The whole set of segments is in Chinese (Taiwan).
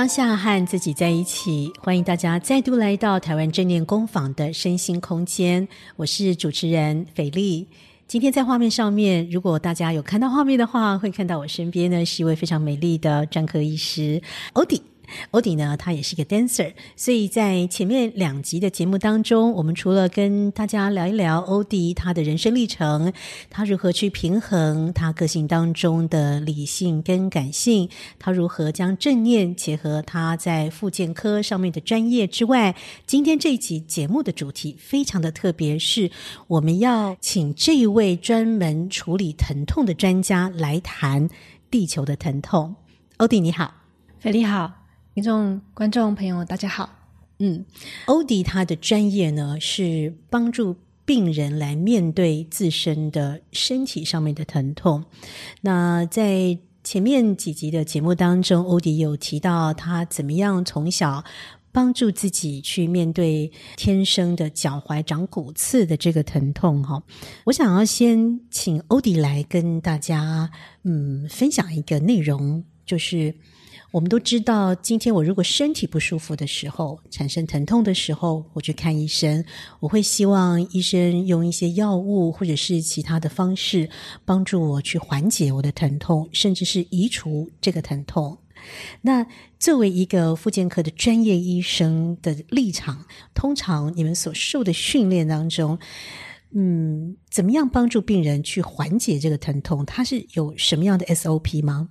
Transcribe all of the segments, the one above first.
當下和自己在一起，歡迎大家再度來到台灣正念工坊的身心空間。我是主持人斐莉。今天在畫面上面，如果大家有看到畫面的話，會看到我身邊呢，是一位非常美麗的專科醫師 Odi。歐迪呢，他也是一個 dancer，所以在前面兩集的節目當中，我們除了跟大家聊一聊歐迪他的人生歷程，他如何去平衡他個性當中的理性跟感性，他如何將正念結合他在復健科上面的專業之外，今天這一集節目的主題非常的特別，是我們要請這一位專門處理疼痛的專家來談地球的疼痛。歐迪你好，斐莉好。聽眾、觀眾朋友，大家好。嗯，Odi 他的專業呢是幫助病人來面對自身的身體上面的疼痛。那在前面幾集的節目當中，Odi 有提到他怎麼樣從小幫助自己去面對天生的腳踝長骨刺的這個疼痛。哈，我想要先請 Odi 來跟大家嗯分享一個內容，就是。我們都知道，今天我如果身體不舒服的時候，產生疼痛的時候，我去看醫生，我會希望醫生用一些藥物或者是其他的方式幫助我去緩解我的疼痛，甚至是移除這個疼痛。那作為一個復健科的專業醫生的立場，通常你們所受的訓練當中，嗯，怎麼樣幫助病人去緩解這個疼痛？它是有什麼樣的 SOP 嗎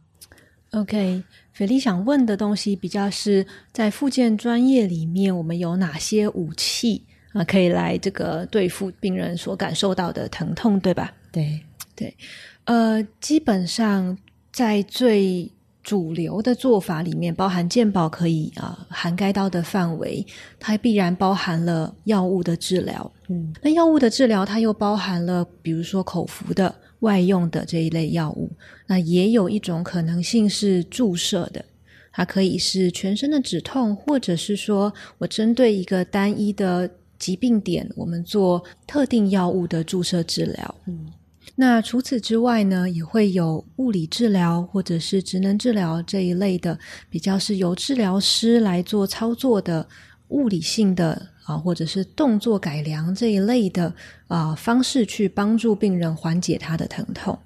？OK。所以斐莉想問的東西比較是在復健專業裡面，我們有哪些武器啊，可以來這個對付病人所感受到的疼痛，對吧？對對，呃，基本上在最主流的做法裡面，包含健保可以啊、呃、涵蓋到的範圍，它必然包含了藥物的治療。嗯，那藥物的治療，它又包含了比如說口服的。外用的這一類藥物，那也有一種可能性是注射的，它可以是全身的止痛，或者是說我針對一個單一的疾病點，我們做特定藥物的注射治療。嗯，那除此之外呢，也會有物理治療或者是職能治療這一類的，比較是由治療師來做操作的物理性的。啊，或者是動作改良這一類的啊、呃、方式去幫助病人緩解他的疼痛，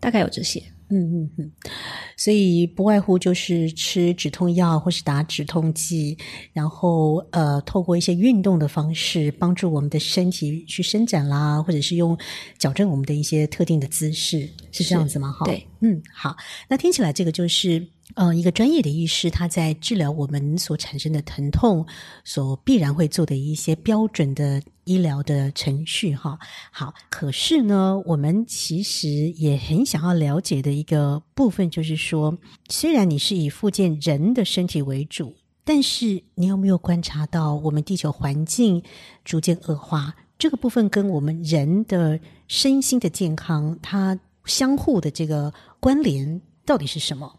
大概有這些。嗯嗯嗯，所以不外乎就是吃止痛藥或是打止痛劑，然後呃，透過一些運動的方式幫助我們的身體去伸展啦，或者是用矯正我們的一些特定的姿勢，是這樣子嗎？哈，對，嗯，好，那聽起來這個就是。呃、嗯，一個專業的醫師，他在治療我們所產生的疼痛，所必然會做的一些標準的醫療的程序，哈。好，可是呢，我們其實也很想要了解的一個部分，就是說，雖然你是以復健人的身體為主，但是你有沒有觀察到，我們地球環境逐漸惡化這個部分，跟我們人的身心的健康，它相互的這個關聯到底是什麼？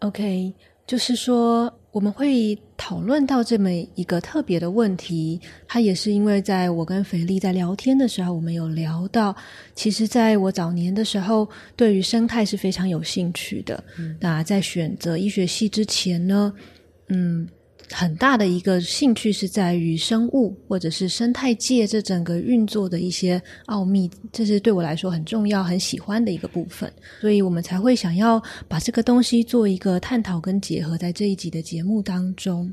OK，就是說我們會討論到這麼一個特別的問題，它也是因為在我跟斐莉在聊天的時候，我們有聊到，其實在我早年的時候，對於生態是非常有興趣的。嗯、那在選擇醫學系之前呢，嗯。很大的一個興趣是在於生物或者是生態界這整個運作的一些奧秘，這是對我來說很重要、很喜歡的一個部分，所以我們才會想要把這個東西做一個探討跟結合在這一集的節目當中。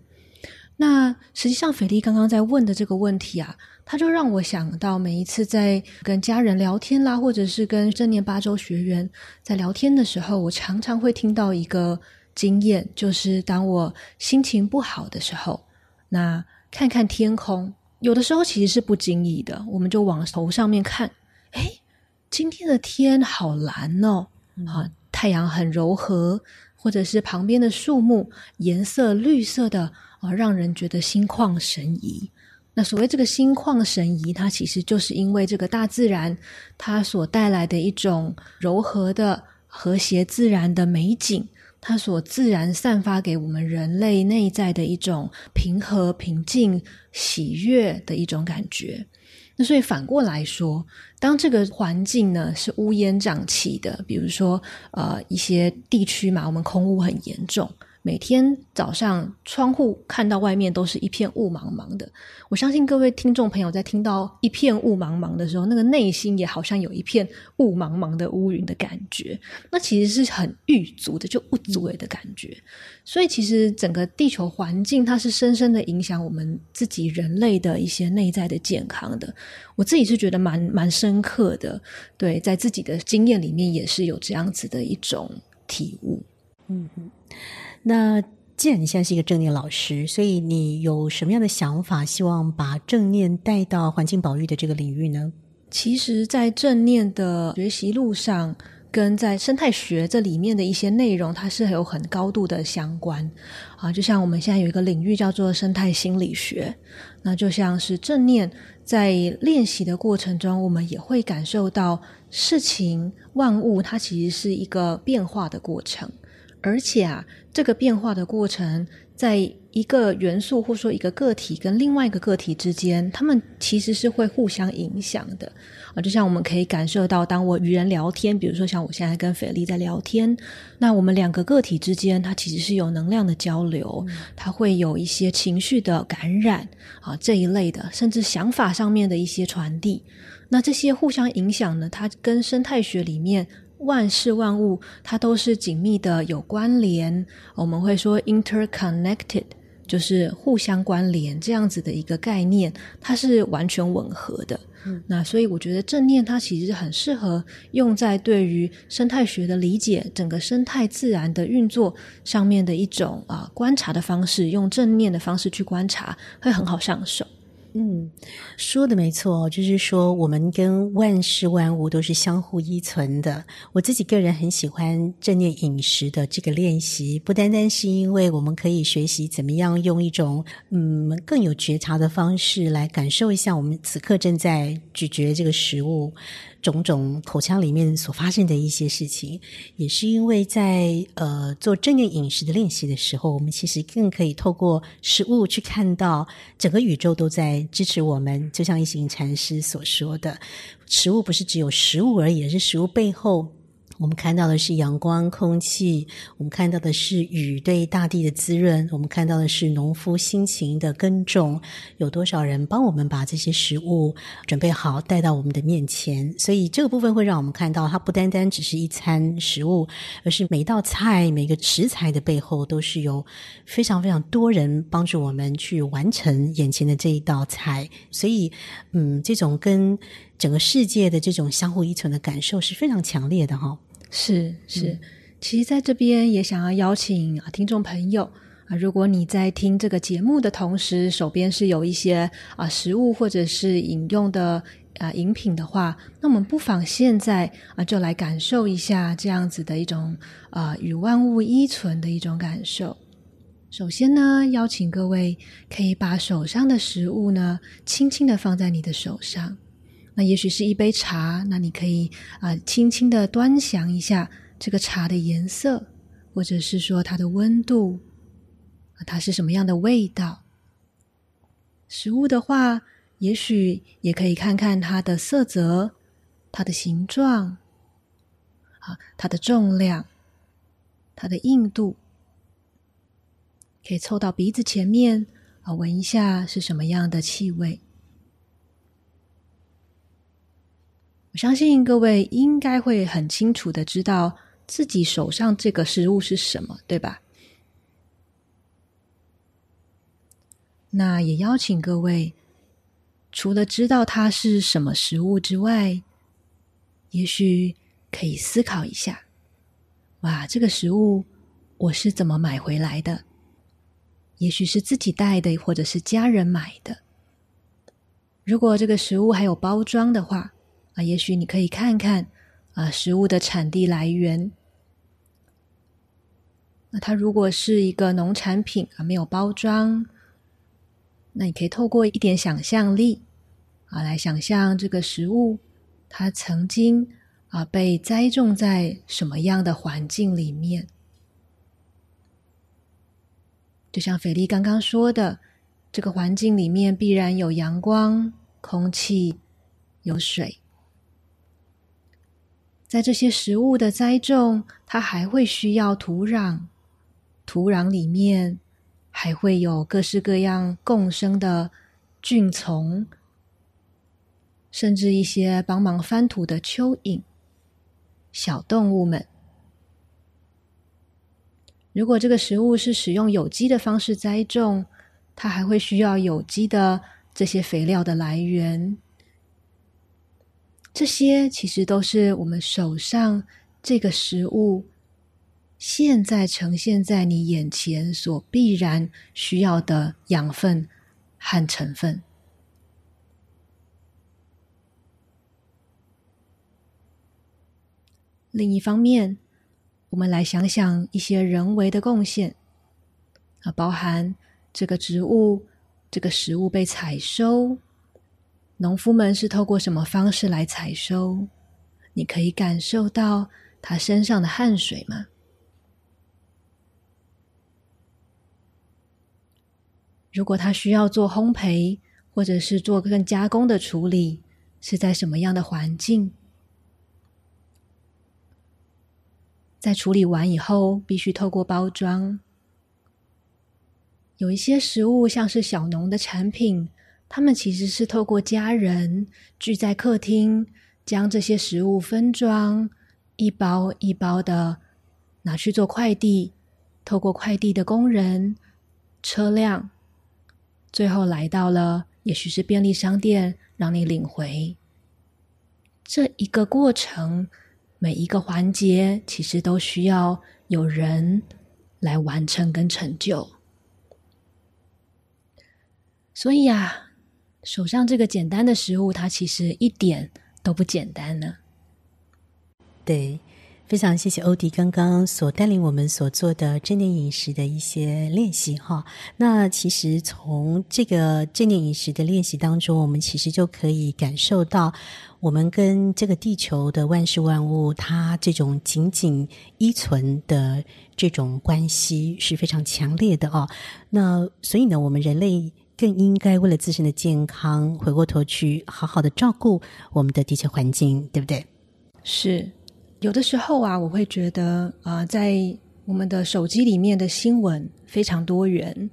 那實際上，斐莉剛剛在問的這個問題啊，它就讓我想到每一次在跟家人聊天啦，或者是跟正念八周學員在聊天的時候，我常常會聽到一個。經驗就是，當我心情不好的時候，那看看天空，有的時候其實是不經意的，我們就往頭上面看，誒，今天的天好藍哦，啊，太陽很柔和，或者是旁邊的樹木顏色綠色的，啊，讓人覺得心曠神怡。那所謂這個心曠神怡，它其實就是因為這個大自然它所帶來的一種柔和的、和諧自然的美景。它所自然散發給我們人類內在的一種平和平靜、喜悅的一種感覺。那所以反過來說，當這個環境呢，是烏煙瘴氣的，比如說呃一些地區嘛，我們空污很嚴重。每天早上窗戶看到外面都是一片霧茫茫的，我相信各位聽眾朋友在聽到一片霧茫茫的時候，那個內心也好像有一片霧茫茫的烏雲的感覺，那其實是很鬱卒的，就鬱卒的感覺。所以其實整個地球環境，它是深深地影響我們自己人類的一些內在的健康的。我自己是覺得蠻蠻深刻的，對，在自己的經驗裡面也是有這樣子的一種體悟。嗯哼。那既然你現在是一個正念老師，所以你有什麼樣的想法，希望把正念帶到環境保育的這個領域呢？其實，在正念的學習路上，跟在生態學這裡面的一些內容，它是有很高度的相關。啊，就像我們現在有一個領域叫做生態心理學，那就像是正念在練習的過程中，我們也會感受到事情萬物它其實是一個變化的過程。而且啊，這個變化的過程，在一個元素或說一個個體跟另外一個個體之間，他們其實是會互相影響的啊。就像我們可以感受到，當我與人聊天，比如說像我現在跟斐莉在聊天，那我們兩個個體之間，它其實是有能量的交流，嗯、它會有一些情緒的感染啊這一類的，甚至想法上面的一些傳遞。那這些互相影響呢，它跟生態學裡面，萬事萬物它都是緊密的有關聯，我們會說 interconnected，就是互相關聯這樣子的一個概念，它是完全吻合的。嗯，那所以我覺得正念它其實很適合用在對於生態學的理解，整個生態自然的運作上面的一種啊、呃、觀察的方式，用正念的方式去觀察會很好上手。嗯，說的沒錯，就是說我們跟萬事萬物都是相互依存的。我自己個人很喜歡正念飲食的這個練習，不單單是因為我們可以學習怎麼樣用一種嗯更有覺察的方式來感受一下我們此刻正在咀嚼這個食物。種種口腔裡面所發生的一些事情，也是因為在呃做正念飲食的練習的時候，我們其實更可以透過食物去看到整個宇宙都在支持我們。就像一行禪師所說的，食物不是只有食物而已，而是食物背後。我們看到的是陽光、空氣；我們看到的是雨對大地的滋潤；我們看到的是農夫辛勤的耕種。有多少人幫我們把這些食物準備好，帶到我們的面前？所以這個部分會讓我們看到，它不單單只是一餐食物，而是每一道菜、每個食材的背後，都是有非常非常多人幫助我們去完成眼前的這一道菜。所以，嗯，這種跟。整個世界的這種相互依存的感受是非常強烈的哈，哦，是是，嗯。其實在這邊也想要邀請，啊、聽眾朋友啊，如果你在聽這個節目的同時，手邊是有一些啊食物或者是飲用的啊飲品的話，那我們不妨現在啊就來感受一下這樣子的一種啊與萬物依存的一種感受。首先呢，邀請各位可以把手上的食物呢輕輕的放在你的手上。那也許是一杯茶，那你可以啊，輕輕的端詳一下這個茶的顏色，或者是說它的溫度，它是什麼樣的味道？食物的話，也許也可以看看它的色澤、它的形狀，啊，它的重量、它的硬度，可以湊到鼻子前面啊，聞一下是什麼樣的氣味。我相信各位應該會很清楚地知道自己手上這個食物是什麼，對吧？那也邀請各位，除了知道它是什麼食物之外，也許可以思考一下，哇，這個食物我是怎麼買回來的？也許是自己帶的，或者是家人買的。如果這個食物還有包裝的話。啊，也許你可以看看啊，食物的產地來源。那它如果是一個農產品啊，沒有包裝，那你可以透過一點想象力啊，來想象這個食物它曾經啊被栽種在什麼樣的環境裡面。就像斐莉剛剛說的，這個環境裡面必然有陽光、空氣、有水。在這些食物的栽種，它還會需要土壤，土壤裡面還會有各式各樣共生的菌叢，甚至一些幫忙翻土的蚯蚓、小動物們。如果這個食物是使用有機的方式栽種，它還會需要有機的這些肥料的來源。這些其實都是我們手上這個食物，現在呈現在你眼前所必然需要的養分和成分。另一方面，我們來想想一些人為的貢獻，啊，包含這個植物、這個食物被採收。農夫們是透過什麼方式來採收？你可以感受到他身上的汗水嗎？如果他需要做烘焙，或者是做更加工的處理，是在什麼樣的環境？在處理完以後，必須透過包裝。有一些食物，像是小農的產品。他們其實是透過家人聚在客廳，將這些食物分裝，一包一包的拿去做快遞。透過快遞的工人、車輛，最後來到了，也許是便利商店，讓你領回。這一個過程，每一個環節，其實都需要有人來完成跟成就。所以啊。手上這個簡單的食物，它其實一點都不簡單呢。對，非常謝謝歐迪剛剛所帶領我們所做的正念飲食的一些練習哈。那其實從這個正念飲食的練習當中，我們其實就可以感受到，我們跟這個地球的萬事萬物，它這種緊緊依存的這種關係是非常強烈的哦。那所以呢，我們人類。更應該為了自身的健康，回過頭去好好的照顧我們的地球環境，對不對？是，有的時候啊，我會覺得啊、呃，在我們的手機裡面的新聞非常多元，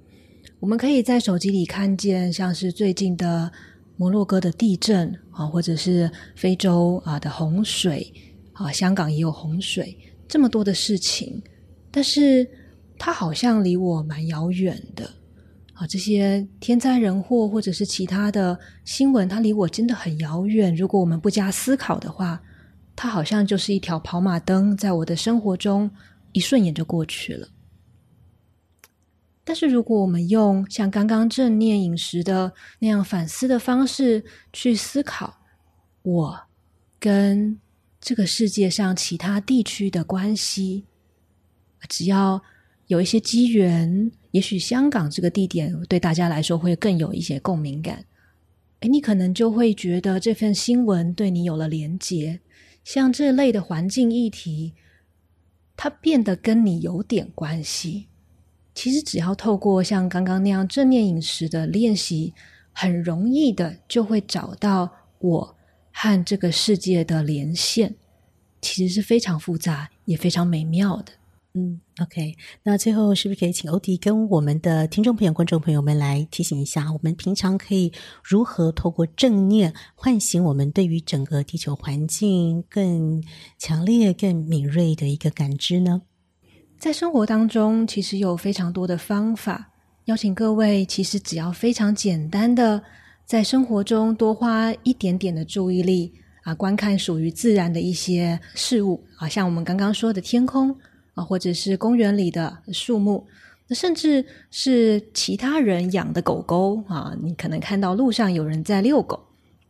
我們可以在手機裡看見像是最近的摩洛哥的地震啊、呃，或者是非洲啊、呃、的洪水啊、呃，香港也有洪水，這麼多的事情，但是它好像離我蠻遙遠的。這些天災人禍，或者是其他的新聞，它離我真的很遙遠。如果我們不加思考的話，它好像就是一條跑馬燈，在我的生活中一瞬間就過去了。但是，如果我們用像剛剛正念飲食的那樣反思的方式去思考，我跟這個世界上其他地區的關係，只要有一些機緣。也許香港這個地點對大家來說會更有一些共鳴感，哎，你可能就會覺得這份新聞對你有了連結，像這類的環境議題，它變得跟你有點關係。其實只要透過像剛剛那樣正念飲食的練習，很容易的就會找到我和這個世界的連線，其實是非常複雜也非常美妙的。嗯，OK，那最後是不是可以請 Odi 跟我們的聽眾朋友、觀眾朋友們來提醒一下，我們平常可以如何透過正念喚醒我們對於整個地球環境更強烈、更敏銳的一個感知呢？在生活當中，其實有非常多的方法，邀請各位，其實只要非常簡單的，在生活中多花一點點的注意力啊，觀看屬於自然的一些事物，啊，像我們剛剛說的天空。啊，或者是公園裡的樹木，那甚至是其他人養的狗狗啊，你可能看到路上有人在遛狗。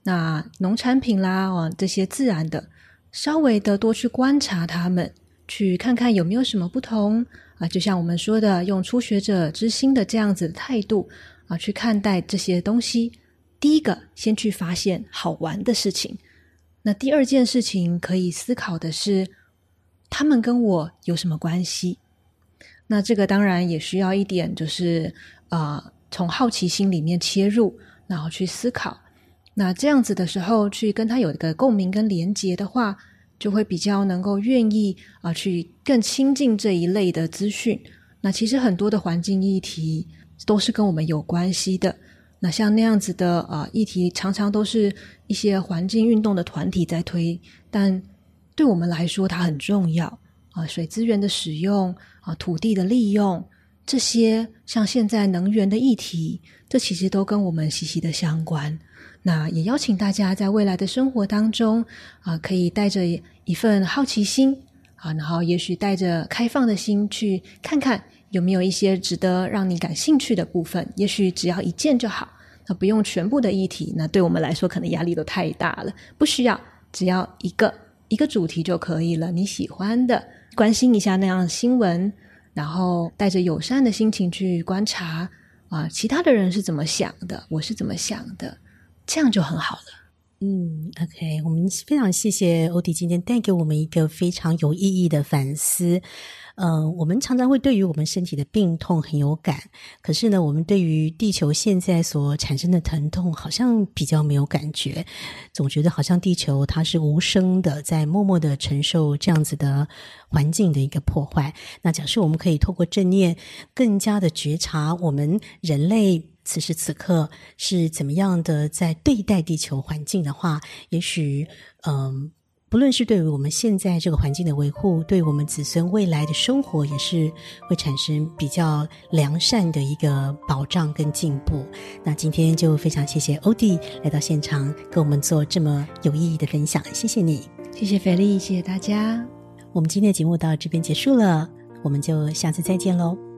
那農產品啦，啊，這些自然的，稍微的多去觀察它們，去看看有沒有什麼不同啊。就像我們說的，用初學者之心的這樣子的態度啊，去看待這些東西。第一個，先去發現好玩的事情。那第二件事情可以思考的是。他們跟我有什麼關係？那這個當然也需要一點，就是啊、呃，從好奇心裡面切入，然後去思考。那這樣子的時候，去跟他有一個共鳴跟連結的話，就會比較能夠願意啊、呃，去更親近這一類的資訊。那其實很多的環境議題都是跟我們有關係的。那像那樣子的啊、呃，議題常常都是一些環境運動的團體在推，但。對我們來說，它很重要啊，水資源的使用啊，土地的利用這些，像現在能源的議題，這其實都跟我們息息的相關。那也邀請大家在未來的生活當中啊，可以帶着一份好奇心啊，然後也許帶着開放的心去看看有沒有一些值得讓你感興趣的部分，也許只要一件就好，那不用全部的議題，那對我們來說可能壓力都太大了，不需要，只要一個。一個主題就可以了，你喜歡的，關心一下那樣的新聞，然後帶着友善的心情去觀察啊，其他的人是怎麼想的，我是怎麼想的，這樣就很好了。嗯，OK，我們非常謝謝歐迪今天帶給我們一個非常有意義的反思。嗯、呃，我們常常會對於我們身體的病痛很有感，可是呢，我們對於地球現在所產生的疼痛好像比較沒有感覺，總覺得好像地球它是無聲的，在默默的承受這樣子的環境的一個破壞。那假設我們可以透過正念，更加的覺察我們人類。此時此刻是怎麼樣的在對待地球環境的話，也許，嗯、呃，不論是對於我們現在這個環境的維護，對我們子孫未來的生活，也是會產生比較良善的一個保障跟進步。那今天就非常謝謝 Odi 來到現場跟我們做這麼有意義的分享，謝謝你，謝謝斐莉，謝謝大家。我們今天的節目到這邊結束了，我們就下次再見嘍。